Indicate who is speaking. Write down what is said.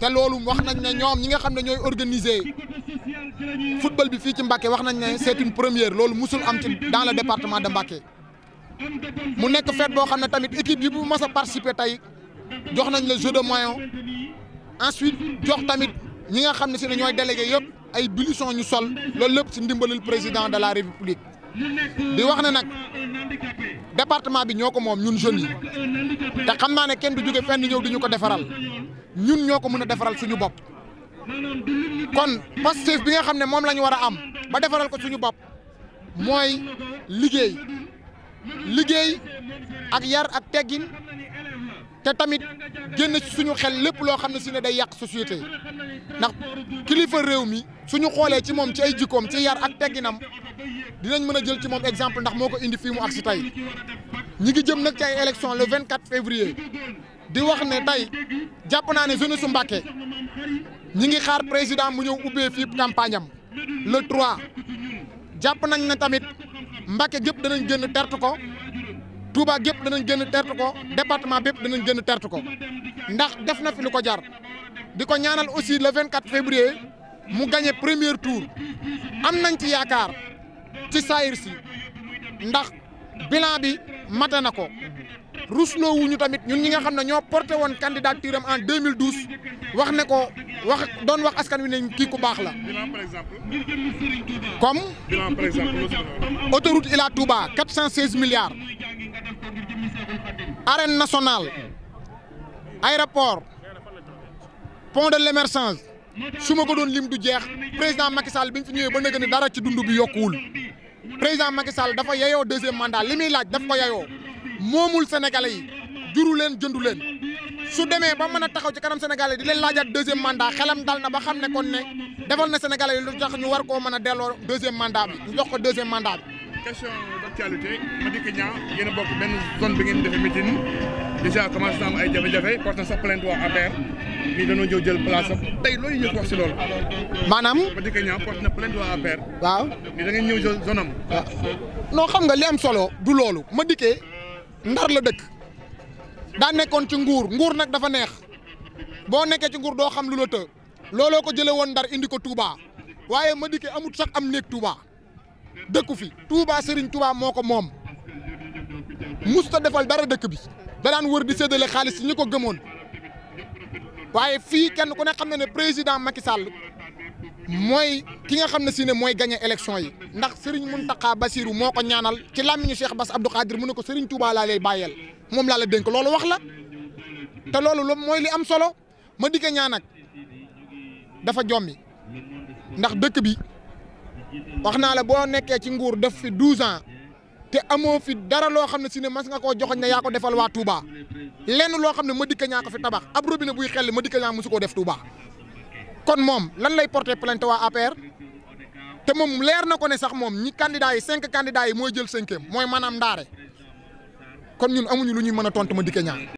Speaker 1: te loolu wax nañ ne ñoom ñi nga xam ne ñooy organiser football bi fii ci Mbacké wax nañ ne c'est première loolu musul am ci dans la département de Mbacké mu nekk fête boo xam ne tamit équipe yi bu mas a participer tey jox nañ la jeu de maillot ensuite jox tamit ñi nga xam ne si ne ñooy délégué yëpp ay bulletins ñu sol loolu lépp si ndimbalul président de la république di wax ne nag département bi ñoo ko moom ñun jeunes yi te xam naa ne kenn du jóge fenn ñëw di ñu ko defaral ñun ñoo ko mën a defaral suñu bopp kon Pastef bi nga xam ne moom lañu ñu war a am ba defaral ko suñu bopp mooy liggéey liggéey ak yar ak teggin te tamit génn ci suñu xel lépp loo xam ne si ne day yàq société ndax kilifa réew mi suñu xoolee ci moom ci ay jikkoom ci yar ak tegginam dinañ mën a jël ci moom exemple ndax moo ko indi fii mu ak si tey ñi ngi jëm nag ci ay élection le vingt 24 février di wax ne tey jàpp naa ne jeunesse su Mbàkke ñi ngi xaar président mu ñëw ubbee fii campagne am le 3 jàpp nañ ne tamit mbake gépp danañ génn tertu ko Touba gépp danañ génn tertu ko département bépp danañ génn tertu ko ndax def na fi lu ko jar di ko ñaanal aussi le 24 février mu gañe premier tour am nañ ci yaakaar ci saayir si ndax bilan bi mate na ko rusloo wuñu tamit ñun ñi nga xam ne ñoo porté woon candidature am en 2012 wax ne ko wax doon wax askan wi kii ku baax la. comme. autoroute Ila Touba 416 milliards. arène nationale. aéroport. pont de l'émergence su ma ko doon lim du jeex président Macky Sall bi ñu si ñëwee ba nag ni dara ci dund bi yokkuwul président Macky Sall dafa yayoo deuxième mandat li muy laaj ko yayoo. moomul sénégalais yi juru leen jëndu leen su demee ba mën a taxaw ci kanam sénégalais di leen laajaat deuxième mandat xelam dal na ba xam ne kon ne defal na sénégalais yi lu tax ñu war koo mën a delloo deuxième mandat bi ñu jox ko deuxième mandat bi. question d'actualité Madické Niang yéen a bokk benn zone bi ngeen defee meeting déjà commencé na am ay jafe-jafe porte na sax plainte waa APR nii dañoo ñëw jël place am na plainte waa APR. waaw nii da xam nga li am solo du loolu Madické ndar la dëkk daa nekkoon ci nguur nguur nag dafa neex boo nekkee ci nguur doo xam lu la të looloo ko jëlee woon ndar indi ko Touba waaye Madické amut sax am néeg Touba dëkku fi Touba Serigne Touba moo ko moom musta defal dara dëkk bi da daan wër di séddale xaalis si ñi ko gëmoon waaye fii kenn ku ne xam na ne président Macky Sall mooy ki nga xam ne si ne mooy gagné élection yi ndax sëriñ Serigne Mountakha Bassirou moo ko ñaanal ci làmmiñu Cheikh Bass Abdou Khadir mu ne ko Serigne Touba laa lay bàyyeel moom laa la dénk loolu wax la te loolu mooy li am solo ma digg ñaa nag dafa jommi ndax dëkk bi wax naa la boo nekkee ci nguur def fi douze ans te amoo fi dara loo xam ne si ne mas nga koo joxoñ ne yaa ko defal waa Touba lenn loo xam ne ma dikk ñaa ko fi tabax ab robinet buy xel ma digg ñaa mosu koo def Touba. kon moom lan lay porte plainte waa APR te moom leer na ko ne sax moom ñi candidats yi cinq candidats yi mooy jël cinquième mooy maanaam ndaare kon ñun amuñu lu ñuy mën a tontu Madické Niang